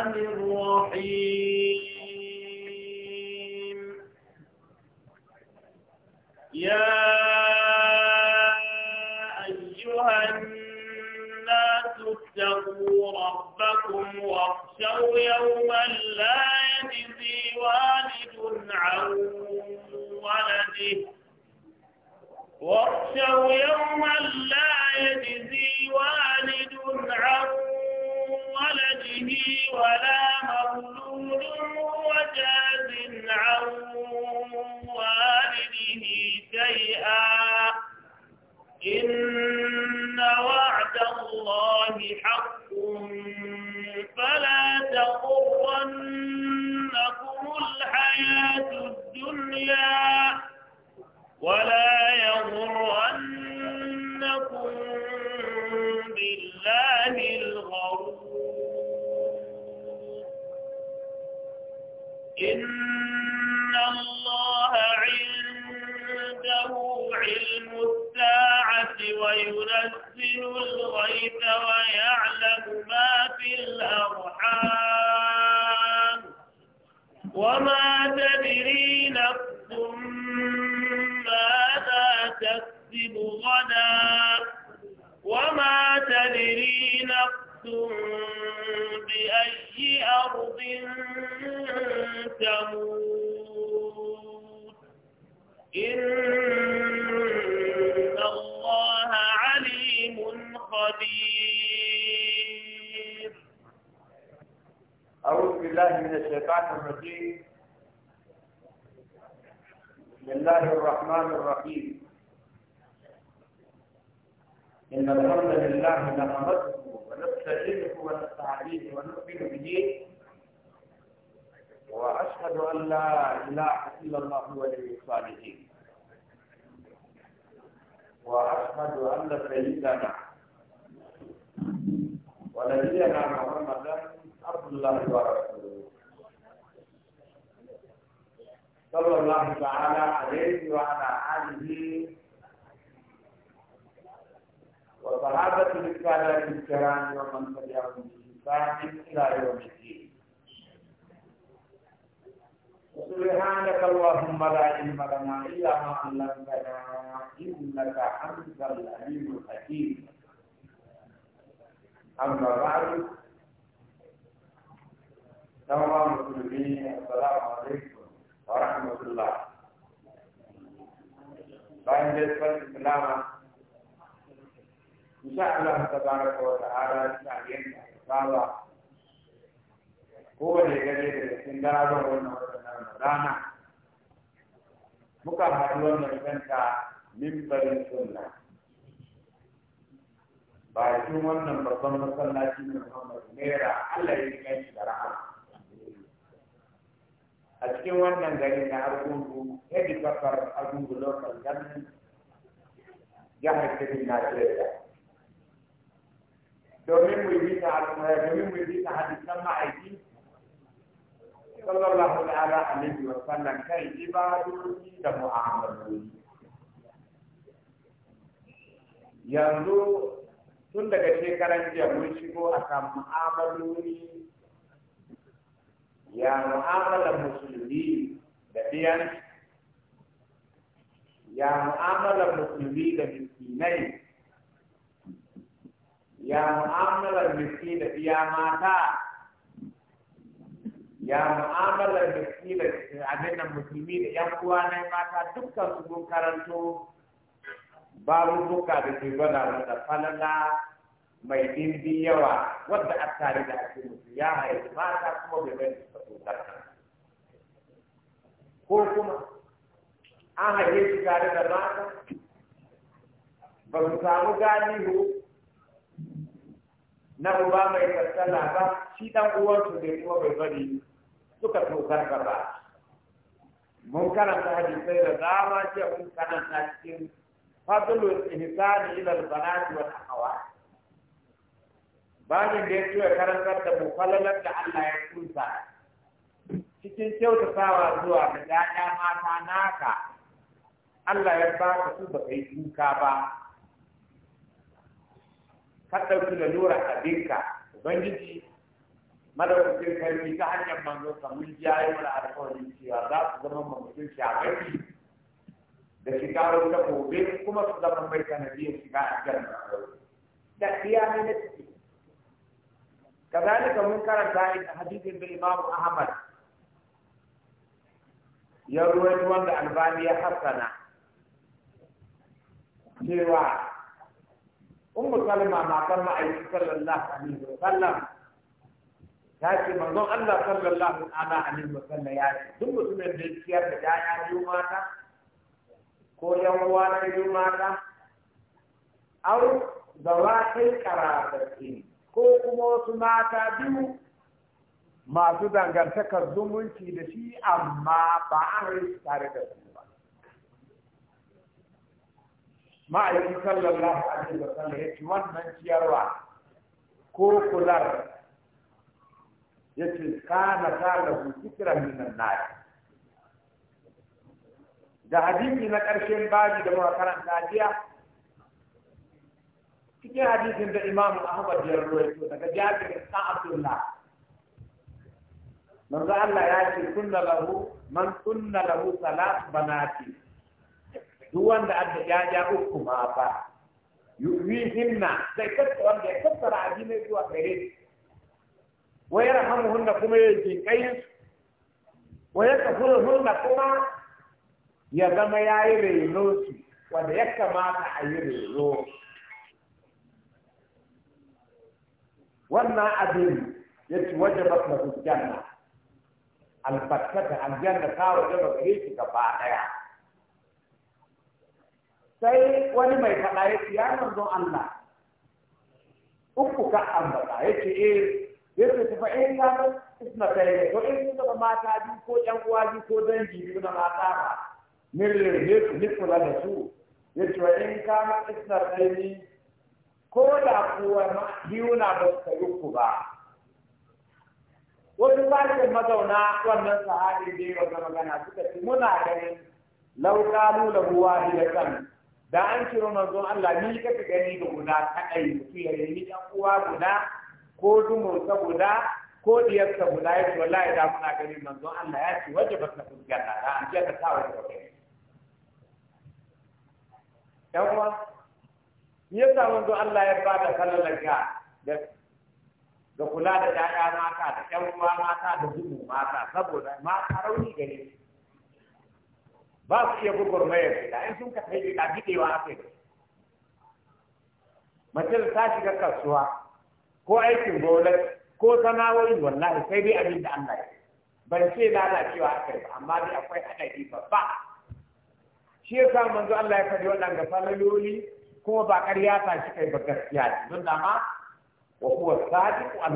الرحيم يا أيها الناس اتقوا ربكم واخشوا يوما لا يجزي والد عن ولده واخشوا يوما لا يجزي والد عن ولده ولا مولود وجاز عن والده شيئا إن وعد الله حق فلا تغرنكم الحياة الدنيا ولا يغرنكم بالله إن الله عنده علم الساعة وينزل الغيث ويعلم ما في الأرحام وما تدري نفس ماذا تكسب غدا وما تدري نفس بأي أرض تموت إن الله عليم خبير أعوذ بالله من الشيطان الرجيم بسم الله الرحمن الرحيم إن الحمد لله نحمده ونستعينه ونستعينه ونؤمن به وأشهد أن لا إله إلا الله ولي الصالحين وأشهد أن سيدنا ونبينا محمدا عبد الله ورسوله صلى الله تعالى عليه وعلى آله وصحابة رسالة الكرام ومن تبعهم بإحسان إلى يوم الدين سبحانك اللهم لا علم لنا إلا ما علمتنا إنك أنت العليم الحكيم أما بعد تمام السلام عليكم ورحمة الله بعد ذلك الإسلام إن شاء الله تبارك وتعالى ان شاء الله kowane gare da cikin garaban wannan waɗannan rana muka haɗu wannan kanta mimbarin sunna bakin wannan babban masallaci ne Muhammad Naira Allah ya kai shi da rahama. A cikin wannan gari na Argungu, yadda kafar Argungu local government jihar Kebbi Najeriya. Domin mu yi bisa al'umma, domin mu yi bisa hadisan ma'aiki, sallallahu alaihi wa sallam kai ibadoji da mu'amaloli yanzu tun daga shekaran jiya mun shigo a kan mu'amaloli ya mu'amalar musulmi da biyan ya mu'amalar musulmi da miskinai ya mu'amalar musulmi da iya mata ya mu'amalar da shi da abin nan musulmi da yan uwa na mata dukkan su sun karanto duka da ke gwada wanda falala mai dimbi yawa wadda a tare da ake musu ya haifi mata kuma bai bai su ko kuma an haife su tare da mata ba su samu ganihu na uba mai tattala ba shi dan uwansu bai kuma bai bari suka tokar gaba mun karanta hadisai da dama ce mun karanta cikin fadlul ihsani ila al-banati wal akhawat bayan da yake ya karantar da mu falalar da Allah ya kusa. cikin kyautatawa zuwa ga ɗaya mata naka Allah ya ka su ba kai duka ba ka ɗauki lalura abinka Ubangiji madawacin karfi ta hanyar manzo sa mun ji ayi mana alƙawarin cewa za su zama mamutun shagari da shiga wata gobe kuma su zama mai sanadiyar shiga a janna da kiyami na ciki kazalika mun karanta hadisin da imamu ahmad ya ruwaito wanda albani ya hassana cewa ummu salma matan ma'aikin sallallahu alaihi wa sallam ta ce manzon Allah sallallahu alaihi wa sallam ya ce duk mutumin da ya ciyar da ƴaƴa biyu mata ko yan uwa na biyu aw zawatil qarabatin ko kuma wasu mata biyu masu dangantakar zumunci da shi amma ba an tare da su ba ma'aikin sallallahu alaihi wa sallam ya ce wannan ciyarwa ko kular yace kana kana ku kira minan nar da hadisi na karshen babi da muka karanta jiya cikin hadisin da Imam Ahmad ya rawaito daga Jabir bin Abdullah manzo Allah ya ce kunna lahu man kunna lahu salat banati duk wanda adda yaya uku ma ba hinna sai kasta wanda ya kassara addinai zuwa gare shi wa yarhamuhunna kuma ya jinkai wa yakfurhunna kuma ya zama yayi reno su wanda ya kamata a yi reno wannan abin ya ci wajabat lahu janna albattata aljanna ta waje wajaba gare shi gaba daya sai wani mai faɗa ya ce ya manzon Allah uku ka ambata ya ce eh yadda ta ya ranar isna ta yi to in zama mata biyu ko ƴan uwa bi ko dangi biyu na mata ba mirrin ne kula da su ya ce wa in kama isna ta yi ko da kuwa biyu na ba su kayi ku ba wasu sashen mazauna wannan sahabi ne wanda magana suka ce muna ganin lauka da ruwa da kan da an ciro manzon Allah ni kaka gani da guda kaɗai mutum ya yi ɗan uwa guda ko dumon saboda ko diyar saboda ya ce wallahi da muna ganin manzon Allah ya ce waje ba ta fuskar na da an ta sa waje ba kai yan uwa yasa manzon Allah ya ba da sallalaka da da kula da ƴaƴa mata da ƴan uwa mata da zubu mata saboda ma rauni gare su ba su iya gugurmayar da in sun ka kai da gidewa a kai mace ta shiga kasuwa ko aikin gonar ko sana'o'i wallahi sai dai abin da Allah ya ban ce lalacewa aka yi amma dai akwai haɗari babba shi ya sa manzo Allah ya faɗi ga falaloli kuma ba ƙarya ta shi kai ba gaskiya don da ma wa huwa sadiqu al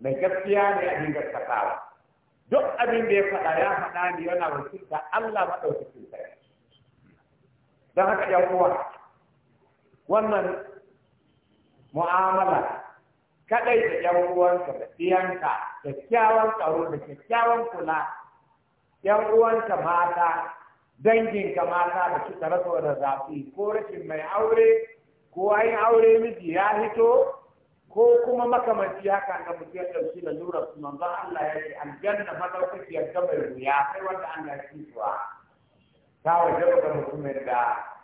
mai gaskiya ne abin gaskatawa duk abin da ya faɗa ya faɗa ne yana wakilta Allah maɗaukakin sarki don haka ya kowa wannan mu'amala kadai da yan uwanka da da kyawun tsaro da kyakkyawan kula yan uwanka mata danginka mata da suka rasa da zafi ko rashin mai aure ko ayin aure miji ya hito ko kuma makamanci haka na mutum ya ɗauki da lura su manzon Allah ya ce aljanna madaukakiyar ta mai wuya sai wanda Allah ya ci ta waje da mutumin da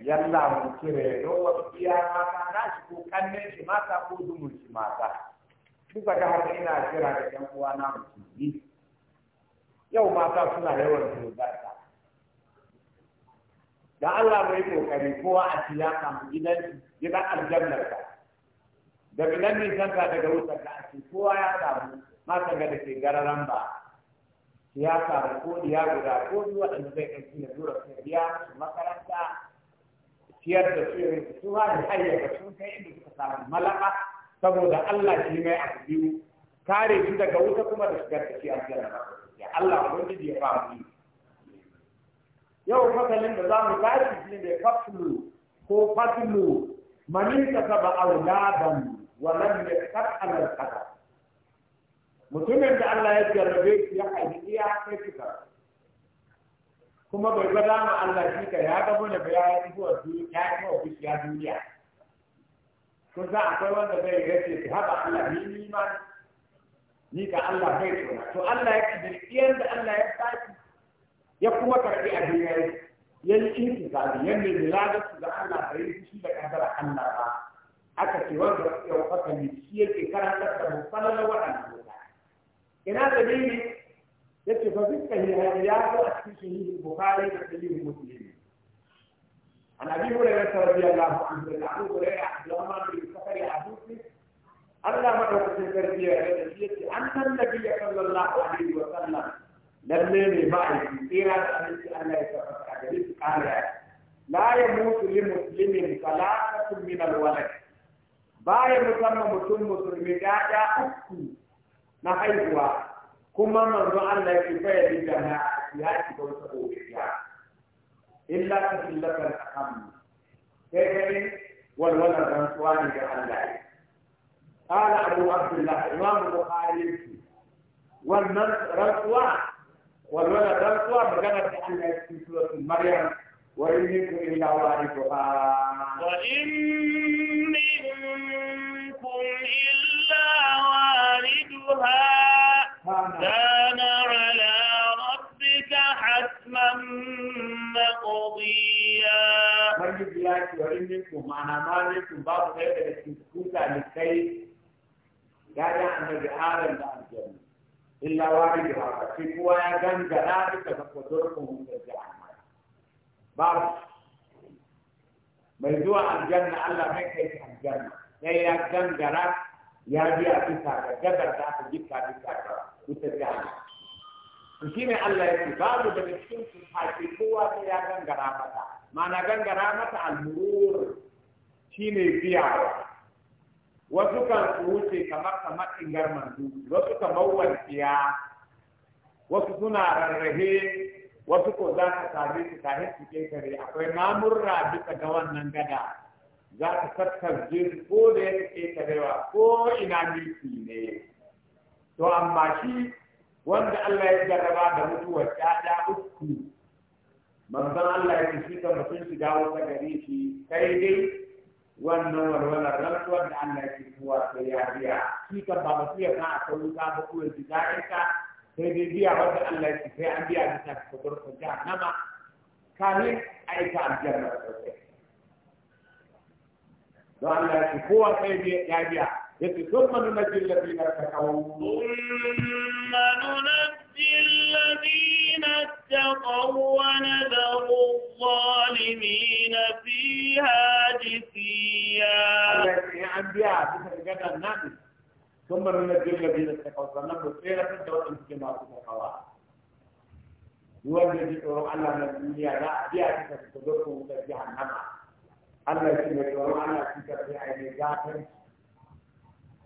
yalla mun kire do wata biya mata na shi ko kannen shi mata ko dumun shi mata duka da haka ina kira da yan uwa na musulmi yau mata suna yawan dogarta da Da Allah mai kokari kowa a siyasa mu gidan gidan aljannar ka da bilan nisan ka daga wutar da ake kowa ya samu mata ga da ke gararan ba Ya samu ko diya guda ko duk waɗanda zai ɗauki da dora sai biya makaranta ciyar da su yin su ma da hayyaga sun kai inda suka samu malaka saboda Allah shi mai abu biyu kare shi daga wuta kuma da shigar da shi aljanna ya Allah wani ya ba mu yau fasalin da za mu tashi shi ne faslu ko faslu mani ka saba auladan wa lam yaqta al mutumin da Allah ya jarrabe shi ya kuma bai gwada ma Allah shi ka ya gabo da bayan zuwa duniya ya kuma kushiya duniya kun san akwai wanda bai race su haɓa Allah ni ni ma ni ka Allah bai tsora to Allah ya ci dirkiyar da Allah ya tafi. ya kuma karɓi a duniya ya yi kinki zabi ya nemi ladarsu da Allah bai yi shi da kaddara Allah ba aka ce wanda ya wasa ne shi yake karantar da mu falala waɗannan mutane ina da dalili لكن fa dukkan hihari ya zo a cikin sahihi bukhari da sahihi muslim عن ابي هريره رضي الله عنه ان ابي هريره عبد الرحمن بن سفر العبوسي الله مدعو في التربيه ان النبي صلى الله عليه وسلم لمن معي كثيرا ان لا يتفق قال لا يموت لمسلم ثلاثه من الولد باي مسمى مسلم مسلم دادا اكو na haihuwa kuma manzo Allah ki fa yadi da na ya إلا ko ta o والولد illa ka tilaka akam sai kai wal wala ran swani da Allah قال أبو عبد الله إمام البخاري والنص رسوة والولد رسوة مجرد أن في سورة مريم وإن إلا واردها وإن منكم إلا واردها كان على ربك حتما مقضيا من يا ورمك منكم أنا مالكم باب غير السكوت لكي لا يعمل آدم الجنة إلا هذا في قوة يجن ذلك فقدركم من الجنة باب mai الجنة aljanna Allah mai الجنة shi aljanna sai ya gangara ya biya bisa ita ta Allah ya ce mu da cikin su haƙi kowa sai ya gangara mata mana gangara mata al-murur shine biyawa wasu kan su wuce kamar kamar ingar mandu wasu kamar walfiya wasu suna rarrahe wasu ko za ka same su ta su ke kare akwai mamurra bisa ga wannan gada za ka tattarje jirgin ko da ya ke ko ina miki ne to amma shi wanda Allah ya jarraba da mutuwar ƴaƴa uku manzon Allah ya ce da mutum shiga wata gari shi sai dai wannan walwalar rantsuwar wanda Allah ya ce kuwa sai ya biya shi kan ba mutum ya kan akwai wuta ba kuwa shiga ita sai dai biya wanda Allah ya ce sai an biya bisa ta ku jahannama kamin aika aljanna sosai don Allah ya ce kowa sai ya biya يقول ثم ننجي الذين اتقوا ثم ننجي الذين اتقوا ونذر الظالمين فيها جثيا الأنبياء بسرقة النبي ثم ننجي الذين اتقوا فنبدو خيرا في الدولة المسلمة تتقوا يوجد على الدنيا لا أبيع تتقوا تتقوا جهنم الله يسمى على تتقوا عين ذاتهم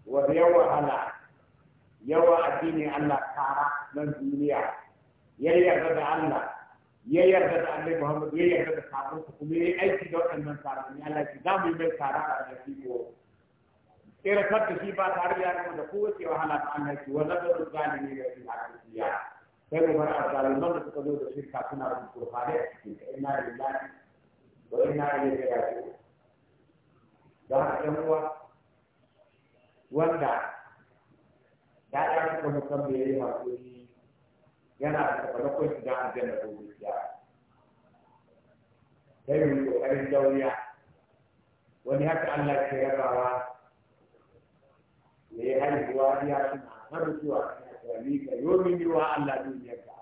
wa yawa ala yawa addinin Allah kara nan duniya ya yarda da Allah ya yarda da Annabi Muhammad ya yarda da sabon su kuma yayi aiki da wannan kara ne Allah ki za mu yi mai kara a da shi ko kira kar shi ba tare da yana da ke wahala ta Allah ki wa nazaru zalimi da fi hakkiya sai mu bar azaliman da suka zo da shirka suna da kurfane inna lillahi wa inna ilaihi raji'un da haka yan uwa wanda ya ya suka musamman ya yi hakuri yana da sakamakon shiga a janna ko gaskiya sai yi kokarin dauriya wani haka Allah ke rabawa ya yi haihuwa ya suna har zuwa ni ka yomi yiwa Allah duniyar ka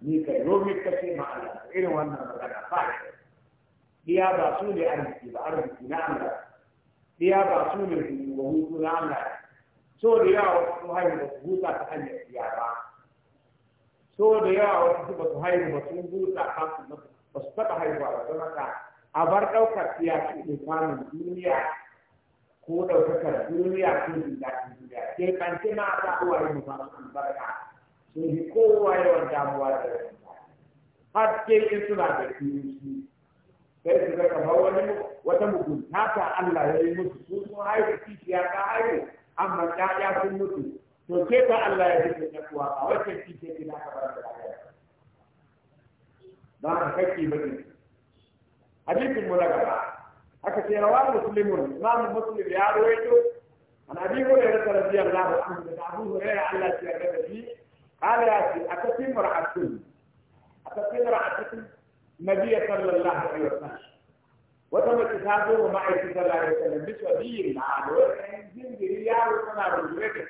ni ka yomi ka ce ma Allah irin wannan magana fa iya ba su ne arziki ba arziki na Allah biya ba su ne wa so su haihu ba su huta ta hanyar so wasu ba su haihu ba su ba su a bar ɗaukar siyasi ne duniya ko ɗaukakar duniya ko jin daɗin duniya a musamman albarka sun kowa yawan damuwa da rashin suna da kiyoshi sai su ga kamar wani wata mugunta ta Allah ya yi musu su sun haihu kishiya ta haihu amma ƴaƴa sun mutu to ke ta Allah ya fito na kuwa a wacce kishiya ki na kabar da ƴaƴa don haka kake bane hadisin mu na gaba aka ce rawa muslimun imam muslim ya rawaito an abi hurairah radiyallahu anhu da abu hurairah Allah ya yarda da shi قال يا أخي أتتم رأتكم أتتم رأتكم نبي صلى الله عليه وسلم وتم كتابه مع النبي صلى الله عليه وسلم بسبيل الله وكان زنجي يا رسول الله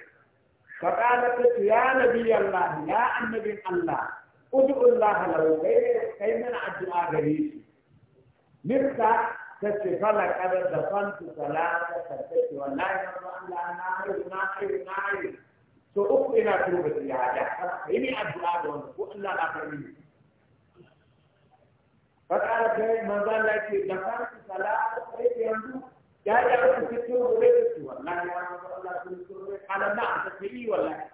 فقالت يا نبي الله يا النبي الله ادعو الله له كي من عبد غريب نفسا تتفلى كذا دفنت ثلاثة فتت ولا يرضى الا لا نعرف نعرف نعرف سأقنا توبة يا جحفة إني الدعاء وأن لا نعرف fakara kai manzo Allah ce da farki salatu sai yanzu ya ya ku fito gobe da su wallahi ya manzo Allah sun so ne kala na ta yi wallahi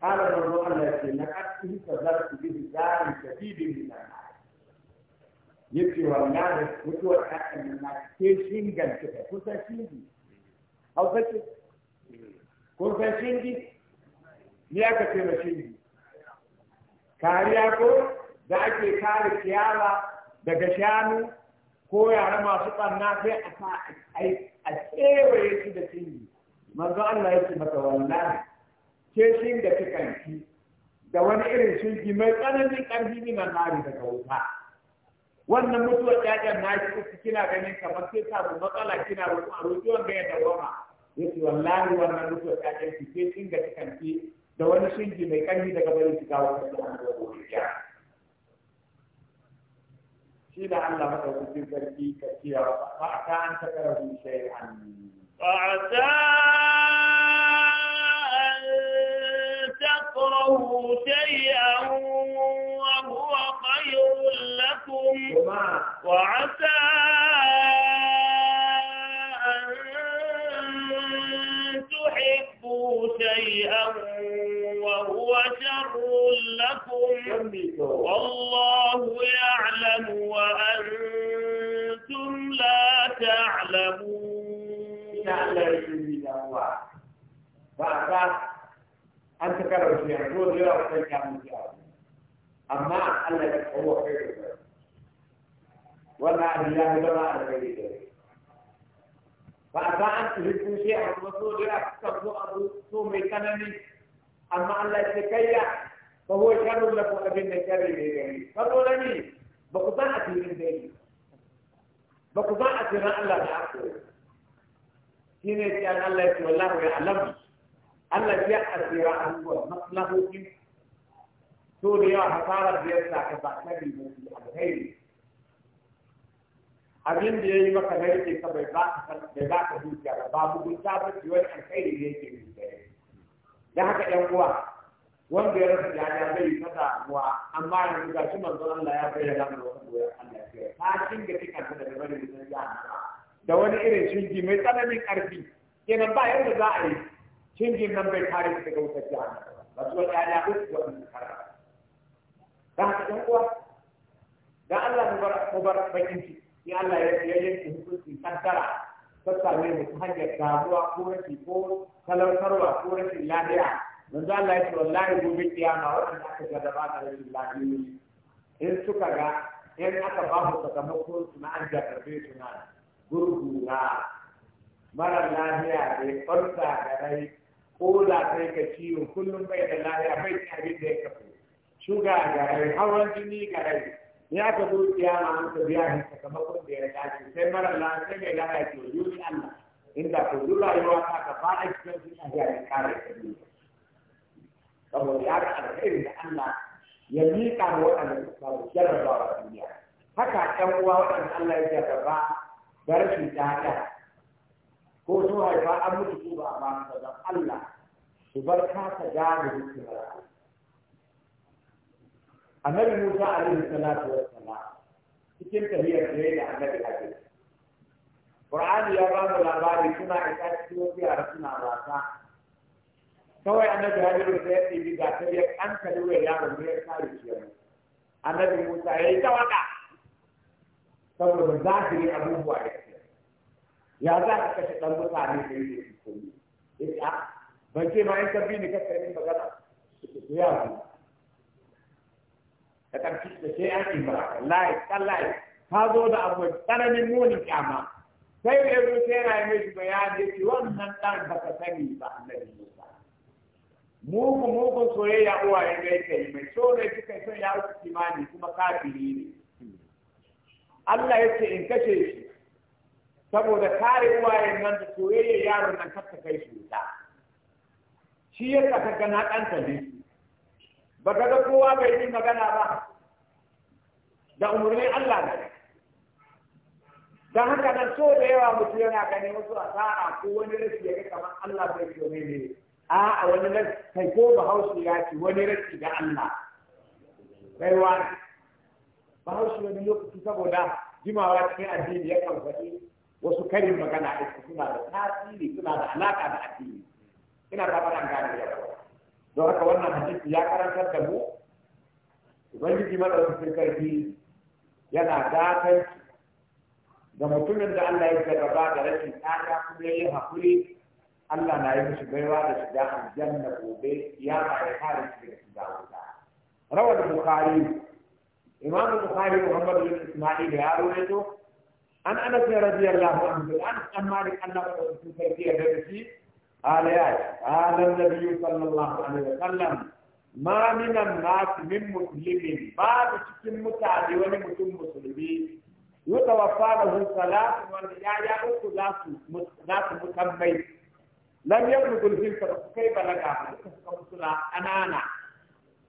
kala manzo Allah na kafi sadar ku bi zari shadidi min yace wallahi mutuwar hakan na ke shingan ta kusa shingi hausa ce kun san shingi ni aka ce ma kariya ko da ake kare ciyawa daga shanu ko yara masu ɓanna sai a sa a kewaye su da shingi manzo Allah ya ce mata wallahi ke shin da kanki da wani irin shinki mai tsananin ƙarfi min nari daga wuta wannan mutuwar ƴaƴan naki uku kina ganin kamar sai samu matsala kina roƙo a roƙi wanda ya dawama yace wallahi wannan mutuwar ƴaƴan ki ke shin da kanki da wani shinki mai ƙarfi daga bari ki kawo ta Allah ya شيل عن لما تقول تركي كثيرة فعسى أن تكرهوا شيئا فعسى أن تكرهوا شيئا وهو خير لكم وعسى أن تحبوا شيئا وهو شر لكم والله يعلم وأنتم لا تعلمون فأنت أنت كرر شيئا يا لا أحتاج عن أما الله هو خير ولا إله إلا الله خير فأنت أنت تحب شيئا وتقول لا أحتاج أن تصوم أما أن لا يتكيع فهو شر لك أبن شر به قالوا لني بقضاءة من ذلك بقضاءة ما الله يعقل هنا كان الله يقول الله يعلم الله يأثر عنه مصله في سوريا حصارة بيسا كباكتر المسيح الخيري abin da ya yi maka narke ka bai ba ka dukiya ba babu gunta da haka ɗan uwa wanda ya rasa zai bai ta uwa amma yanzu ga shi manzo Allah ya bayyana da wannan doyar Allah ya ta kinga kika da bari da ya da wani irin shingi mai tsananin ƙarfi kenan ba yadda za a yi shingin nan bai kare su daga wutar jihar ba su wani ya ko su wani kara da haka ɗan uwa da Allah mu bar bakin ya Allah ya yanke hukunci kankara ta same mu ta hanyar ko rashi ko talautarwa ko rashin lafiya manzo Allah ya ce wallahi gobe kiyama wannan aka jarraba da rashin lafiya in suka ga in aka ba su na an jarrabe su na gurgura mara lafiya bai farsa da rai ko da sai ka ciwo kullum bai da lafiya bai ci abin da ya kafu shuga ga rai hawan jini ga rai in aka zo ma an ka biya kamar sakamakon da ya dace sai mara sai mai laya ke yuri Allah inda ko dula rayuwa ta ka fara cikin shi a ya kare ka ne saboda ya ga alkhairin da Allah ya miƙa wa waɗanda suka ba duniya haka ƴan uwa waɗanda Allah ya jarraba shi ta ɗaya ko sun haifa an mutu ko ba a ba don Allah su bar ka gane mutu ba. annabi Musa alaihi salatu wassalam cikin tafiyar da ya da annabi Hajji Qur'ani ya ba mu labari suna isa cikin wasu suna wasa kawai annabi Hajji da ya ɗibi ga tafiyar an kalli wa yaron ne ya kare shi annabi Musa ya yi ta waka saboda za su yi abubuwa da ya za ka kashe ɗan mutane da yake cikin ya ce ah, ban ce ma in ka bi ni ka kai ni magana ya ce da ƙarfi da sai an baraka lai lai ta zo da abu tsananin muni kyama sai da yanzu sai yana yi mai bayani yake wannan ɗan baka sani ba annabi Musa muku muku soyayya uwaye ne kai mai so ne kika son ya wuce kimani kuma kafiri ne Allah ya ce in kashe shi saboda kare uwayen nan da soyayya yaron nan kakka kai shi wuta shi ya saka gana ɗan ne ba ga kowa bai yi magana ba da umurni Allah ne dan haka nan so da yawa mutum yana musu wasu asara ko wani rashi ya kamar Allah bai yi ne ne a wani rashi kai ko bahaushe ya ce wani rashi ga Allah bai wani bahaushe wani lokaci saboda jimawa cikin addini ya kan wasu karin magana ɗin suna da tasiri suna da alaƙa da addini ina ta faɗa gane yawa don haka wannan hadisi ya karantar da mu ubangiji madaukakin karfi yana gatan da mutumin da Allah ya jarraba da rashin ɗaya kuma ya yi hakuri Allah na yi mishi baiwa da shiga aljanna gobe ya ba ya kare shi daga shiga wuta rawar bukhari imam bukhari muhammad bin isma'il ya rawaito an anas radiyallahu anhu an an malik annabi sallallahu sun karfi ya dace آيات قال النبي صلى الله عليه وسلم ما من الناس من مسلم بعد تكون متعدي ولمتم مسلمين يتوفى له ثلاث والرجاية أخو ناس متمي لم يبلغ الهلك كيف لقى مسلا أنانا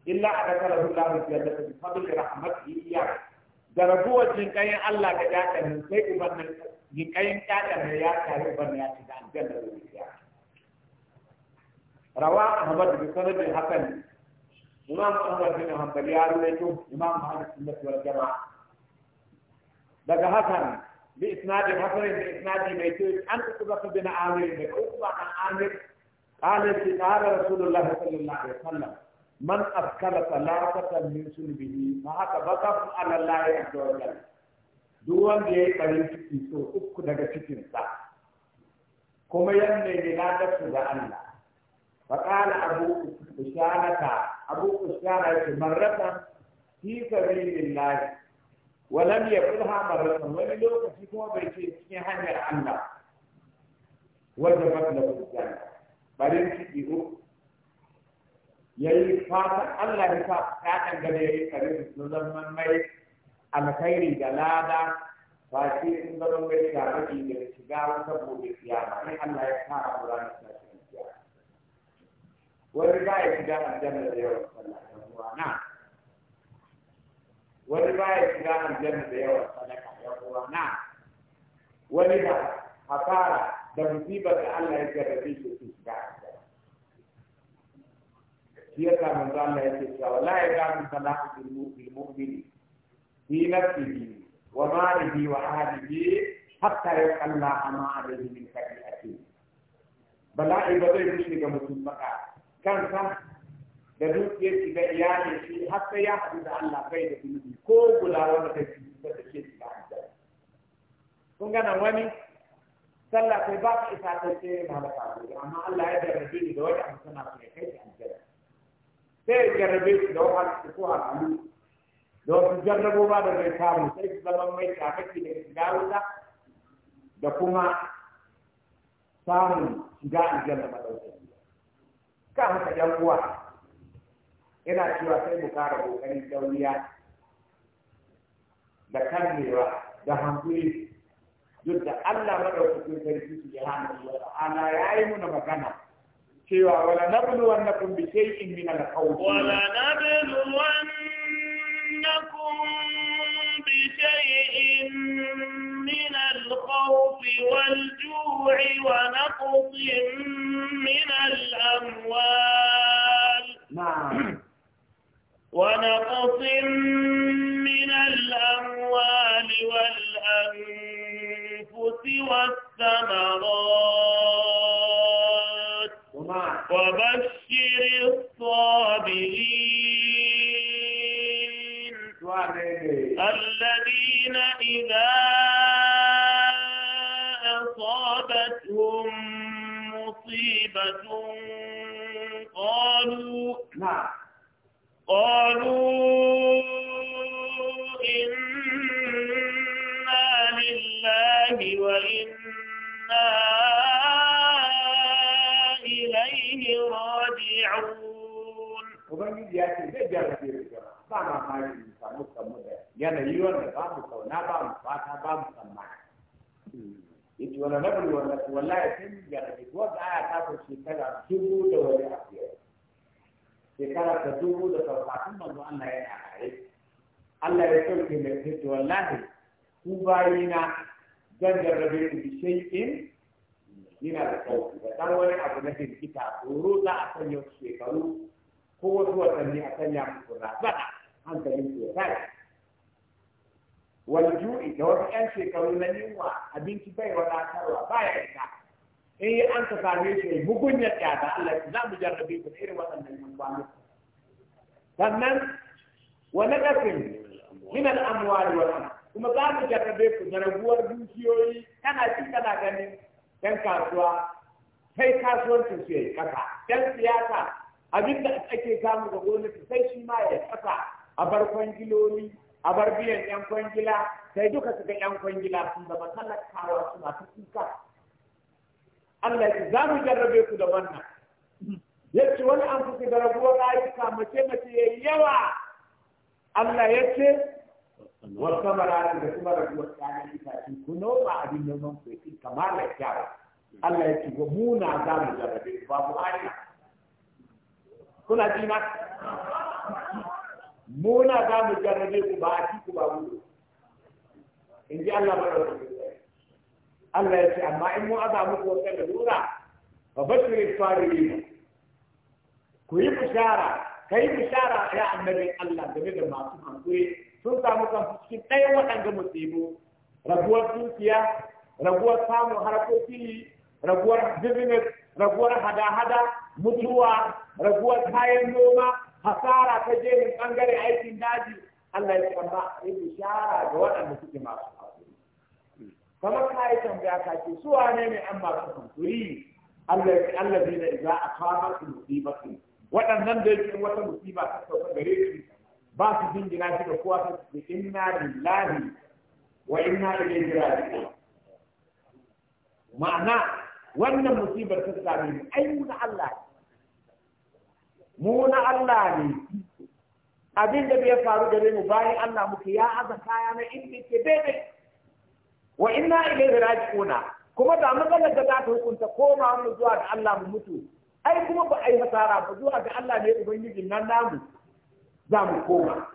إلا أدخله الله في الجنة بفضل رحمته إياه درجوة جنكين الله كجاتا من سيء بنا جنكين كاتا من ياتا يبنى ياتا الجنة بالإياه rawa ahmad bi sanadin hasan imam ahmad bin hanbal ya rawaito imam ahlus sunnah wal jamaa daga hasan bi isnadin hasan da isnadi mai kyau an kuba bin amir da kuba an amir قال قال رسول الله صلى الله عليه وسلم من أذكر ثلاثة من سلبه فهذا بقى على الله عز وجل duwan da ya yi ɓarin ciki so uku daga cikinsa kuma yanne ne na da Allah فقال أبو أسامة أبو أسامة مرة في سبيل الله ولم يقلها مرة ولم يقلها بيتي في حنيا الله وجبت له الجنة بلن تجيبه yayi fatan Allah ya sa ya dangane yayi kare su mai alkhairi da lada ba shi in zaman mai da kake da shiga wata gobe Allah ya sa a wani baya shiga aljanna da yawan sallah da ruwa na wani baya shiga aljanna da yawan sadaka da ruwa na wani da hasara da musibar da Allah ya jarrabe shi su shiga aljanna shi yasa manzo Allah yake cewa la yazalu salahu lil mu'mini fi nafsihi wa malihi wa ahlihi hatta yaqalla ma alayhi min khati'atihi bala'i ba zai rushe ga mutum ba kansa da dukiyar shi da iyalin shi har sai ya haɗu da Allah kai da zunubi ko gula da ta fi da ta ce shiga aljanna kun gana wani sallah sai ba ka isa ta ce na da faru amma Allah ya jarrabe ni da wani abu sana su ne kai shi aljanna sai ya jarrabe shi da wani su ko a halalu da wasu jarrabo ba da zai samu sai su zama mai shafaki da shiga wuta da kuma samun shiga da madaukai sa masa ɗan uwa yana cewa sai mu kara ƙoƙarin dauriya da karnewa da hankuli duk da Allah madaukakin sarki su ya hana wa ta'ala ya yi muna magana cewa wala nablu wannakum bi shay'in min al-khawf wala nablu wannakum bi shay'in الخوف والجوع ونقص من الأموال نعم. ونقص من الأموال والأنفس والثمرات وبشر الصابرين الذين إذا نعم. قالوا إنا لله وإنا إليه راجعون وبنجي يا أخي زي آية جرى في الجرى ما يسمى سمى ده يعني يوانا بام سونا بام فاتا بام سمى يجي وانا نبلي وانا والله يتم يعني يتوضع تاكل شيء كذا كيبو ولا أخير shekara ta dubu da farfatun manzo Allah yana raye Allah ya sauke mai fito wallahi ku bayina zan jarrabe ku bi shay'in yana da sauki da dan wani abu na firgita tsoro za a sanya shekaru ko wasu watanni a sanya muku razana hankalin ku ya tashi wal ju'i da wasu 'yan shekaru na yunwa abinci bai wadatarwa baya isa in yi an ka same shi mugunyar yata Allah ya zamu jarrabe ku irin waɗannan yan kwanu sannan wa naqasin min al-amwali wal kuma za mu jarrabe ku jarabuwar dukiyoyi kana ci kana ganin yan kasuwa sai kasuwanci su yayi kasa yan siyasa abin da ake samu ga gwamnati sai shi ma ya kasa a bar kwangiloli a bar biyan yan kwangila sai duka su ga yan kwangila sun zama talakawa suna ta kuka Allah ya za mu jarrabe ku da wannan ya ce wani an fusi da rabuwar ayyuka mace mace ya yawa Allah ya ce wasu mararin da kuma rabuwar tsanin itacen ku noma abin noman ku yake kamar da kyawu Allah ya ce mu na za mu jarrabe ku babu hanya kuna Mu na za mu jarrabe ku ba a ci ku ba mu in ji Allah ba da Allah ya ce amma in mun aza muku wata lalura fa bashirin sabirin ku yi bishara kai bishara ya annabin Allah game da masu hankuri sun samu kansu cikin ɗaya waɗanda musibu raguwar dukiya raguwar samun harkoki raguwar business raguwar hada-hada mutuwa raguwar kayan noma hasara ta jerin ɓangare aikin daji Allah ya ce amma bishara ga waɗanda suke masu kamar ka yi tambaya ka ce su wane ne an su kuri Allah ne da za a kama su musibatu waɗannan da yake wata musiba ta sauka gare su ba su jingina shi da kowa ta ce inna lillahi wa inna ilaihi raji'un ma'ana wannan musibar ta same ni ai mu na Allah ne mu na Allah ne abin da bai faru gare mu bayan Allah muke ya aza kaya na inda ke daidai wa inna ilaihi raji'una kuma da matsalar da za ta hukunta koma mu zuwa ga Allah mu mutu ai kuma ba ai hasara ba zuwa ga Allah ne ubangijin nan namu za mu koma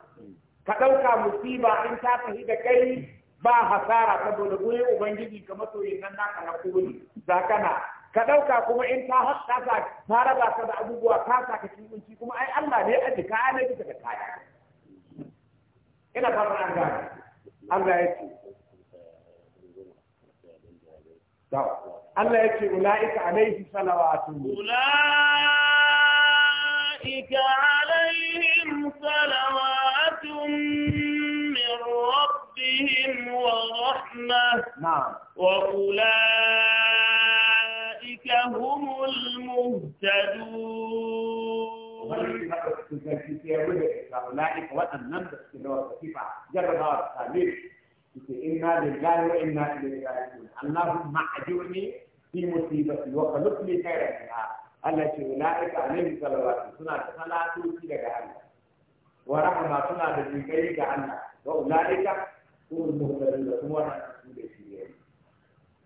ka ɗauka musiba in ta fahi da kai ba hasara saboda gure ubangiji ka masoyin nan naka na koli za kana ka ɗauka kuma in ta haɗa ta ta raba ka da abubuwa ka sa ka cikin kuma ai Allah ne aji kaya ne ka ga kaya ina fatan an gane Allah ya ce Allah ya ce ula'ika alaihi salawatu ula'ika alaihim salawatun min rabbihim wa rahma wa ula'ika humul muhtadun ula'ika waɗannan da suke da wata sifa jarrabawa da ke inna de gaare wa inna ile raajiun annahu ma ajurni fi musibati wa ka nutli khayra fiha allah ce ulaika alayhi salawatu suna da salatoci daga allah wa rahma suna da jikai ga allah wa ulaika kullu muhtadin da kuma wannan su da shi ne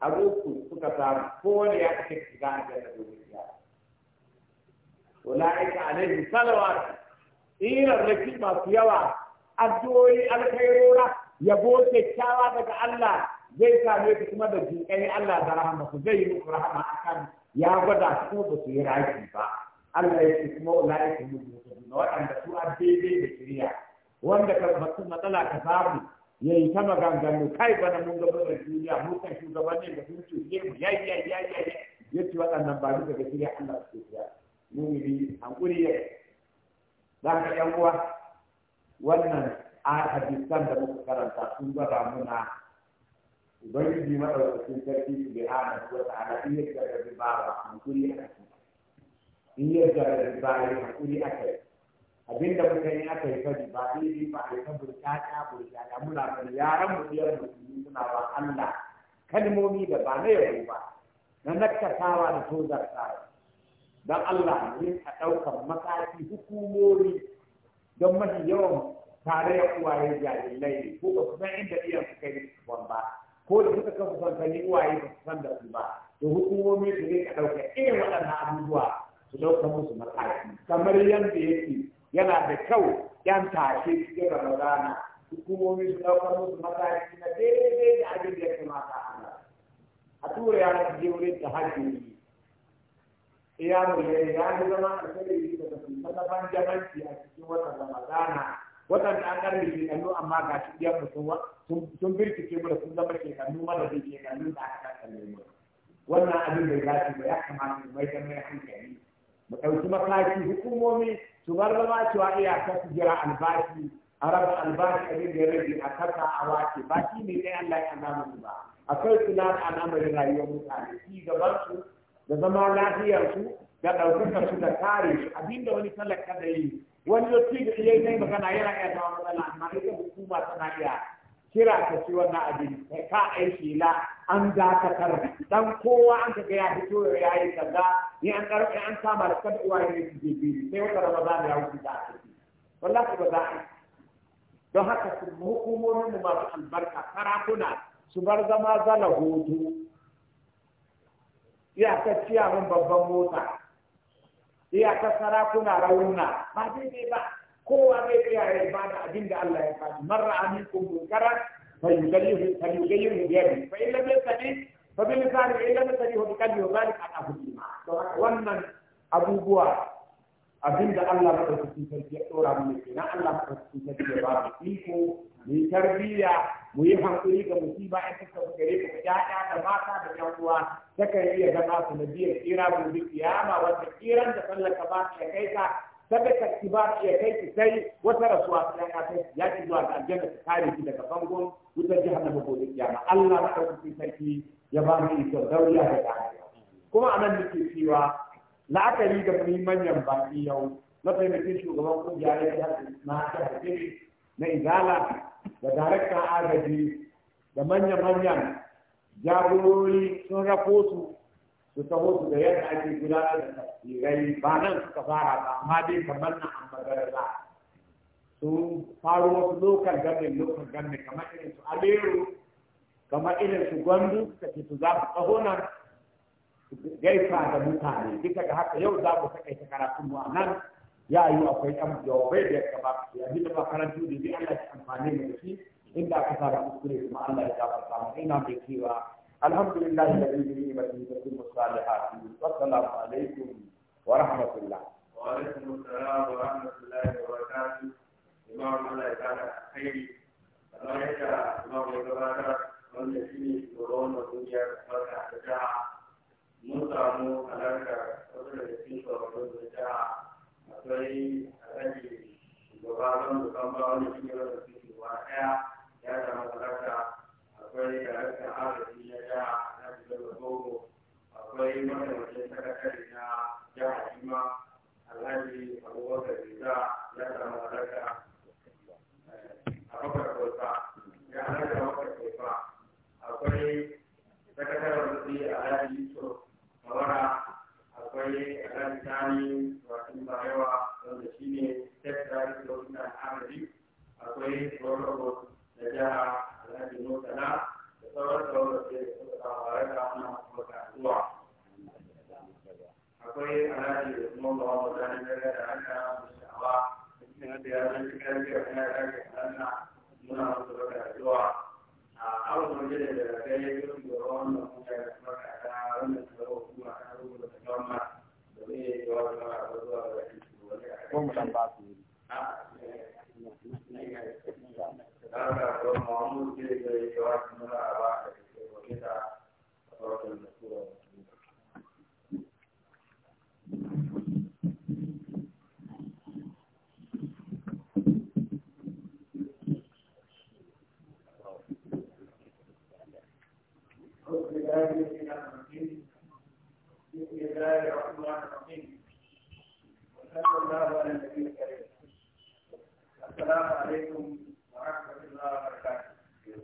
abuku suka samu ko wani ya kace shiga a jannah ko ya ulaika alayhi salawatu ira lakin ma fiyawa adoyi alkhairu rahma yabo kyakkyawa daga Allah zai same ku kuma da jinƙai Allah da rahama ku zai yi muku rahama akan ya gwada su ba su yi raki ba Allah ya ce kuma ulaiku na waɗanda su a daidai da kiriya wanda ka mutum matsala ka samu ya yi ta maganganu kai bana mun gaba da duniya mu kan shugabannin da sun ce mu ya ya ya ya ya ce waɗannan ba duka daga kiriya Allah su yi mu an hankuri ya za ka yan uwa wannan a hadisan da muka karanta sun gwada muna ubangiji maɗaukakin sarki su bai hana wata ala in ya ba bawa hankuri a ciki in ya jarrabi bayan hankuri a kai abinda muka yi aka yi fadi ba yi ba a yi ta burkata burkata muna fadi yaran mu biyar musulmi suna wa Allah kalmomi da ba na yau ba na nakkasawa da ta. don Allah ne a ɗaukar mataki hukumomi don mafi yawan tare da uwaye jahilai ne ko ba su san inda iyan su kai su ban ba ko da suka kafa sansani uwaye ba su san da su ba to hukumomi su ne ka ɗauka irin waɗannan abubuwa su ɗauka musu mataki kamar yadda yake yana da kyau yan tashe cikin ramadana hukumomi su ɗauka musu mataki na daidai da abin da ya kamata a a tura yana su wurin ta hajji iya mu ya yi zama a sarari da tafi na jamanci a cikin watan ramadana waɗanda an ke shekannu amma ga shi ɗiyan mu sun birkice mu da sun zama ke shekannu mana da shekannu da aka kalle mu wannan abin bai dace ba ya kamata mu mai da mai hankali mu ɗauki mataki hukumomi su bar zama cewa iyaka su jira albashi a raba albashi abin da ya rage a kasa a wace ba ne ɗaya Allah ya kama mu ba akwai suna da al'amarin rayuwar mutane gaban su, da zama su, da ɗaukakar su da kare su abinda wani talaka da yi wani lokaci da iya yi magana yana iya zama matsala amma ita hukuma tana iya kira ka ci wannan abin ka aiki la an dakatar dan kowa an ka ya fito ya yi kaza ni an karɓi an kama da kan uwa ne su je biyu sai wata ramadan ya wuce da ake ci wallahi ba za a don haka hukumomin mu masu albarka sarakuna su bar zama zala hutu iyakar ciyawan babban mota iya ta sarakuna raunna ba daidai ba kowa zai tsaya ya da abin da Allah ya faɗi marra kun munkaran fa yughayyiru fa yughayyiru bi yadihi fa illa illam yastati fa bi misali illa illam yastati hu bi qalbi wa zalika aqafu iman to wannan abubuwa abinda Allah ka ɗauki sarki ya ɗora mu ke na Allah ka ɗauki sarki ya ba mu iko mu yi tarbiyya mu yi hankuri ga musiba a cikin ku gare ku ƴaƴa da mata da ƴan uwa takan iya zama su na biyar kira mu bi kiyama wanda kiran da sallar ka ba ya kai ka sabe ka ki ba ya kai ki sai wata rasuwa ta ya kai ya ci zuwa ga aljanna ta kare ki daga bangon wutar jahannama gobe kiyama Allah ka ɗauki sarki ya ba mu iko dauriya da dama kuma anan nake cewa la'akari da kuma manyan baki yau na mataimakin shugaban kungiya da yi na ta na izala da darakta agaji da manya-manyan jagorori sun rafotu su su taho su da yadda ake gudanar da tafsirai ba nan suka fara ba amma dai kamar nan an magarza sun faro wasu lokal gamin lokal gamin kamar irin su aleru kamar irin su gwandu suka ce su za su taho gaisa da mutane bisa haka yau za mu saka ta karatun mu a nan ya yi akwai ɗan jawabai da ya kamata ya bi da makarantu da bi Allah ya da shi inda aka sa da kuskure kuma Allah ya gafarta mu ina mai cewa alhamdulillah da bi bi ba da kuma salihati assalamu alaikum wa rahmatullah wa alaikum assalam wa rahmatullahi wa barakatuh imam Allah ya kada kai kamar yadda imam ya gabatar wanda shi ne da duniya ta farka ta jaha mun samu halarta wasu daga cikin shugabannin da ta akwai alhaji shugabanin da kan ba wani cikin wata cikin wa ɗaya ya samu halarta akwai darakta agaji na jiha na jigar gogo akwai mataimakin sakatare na jiha jima alhaji abubakar riza ya samu halarta eh, abubakar kwaifa ya halarta abubakar kwaifa akwai sakataren biyu a shawara akwai ran tani wasan bayawa wanda shi ne step drive da wani al'amari akwai rolobo da jiha alhaji murtala da sauran sauran da suka tafara da wannan kasuwa akwai alhaji mamba wanda zai daga da haka da sha'awa da ya zai cikin da ya zai da haka muna masu kasuwa a awon majalar da ragai ya yi kuma a kan rubuta tattauna a a a بسم الله الرحمن الرحيم وصلى الله على النبي الكريم السلام عليكم ورحمه الله وبركاته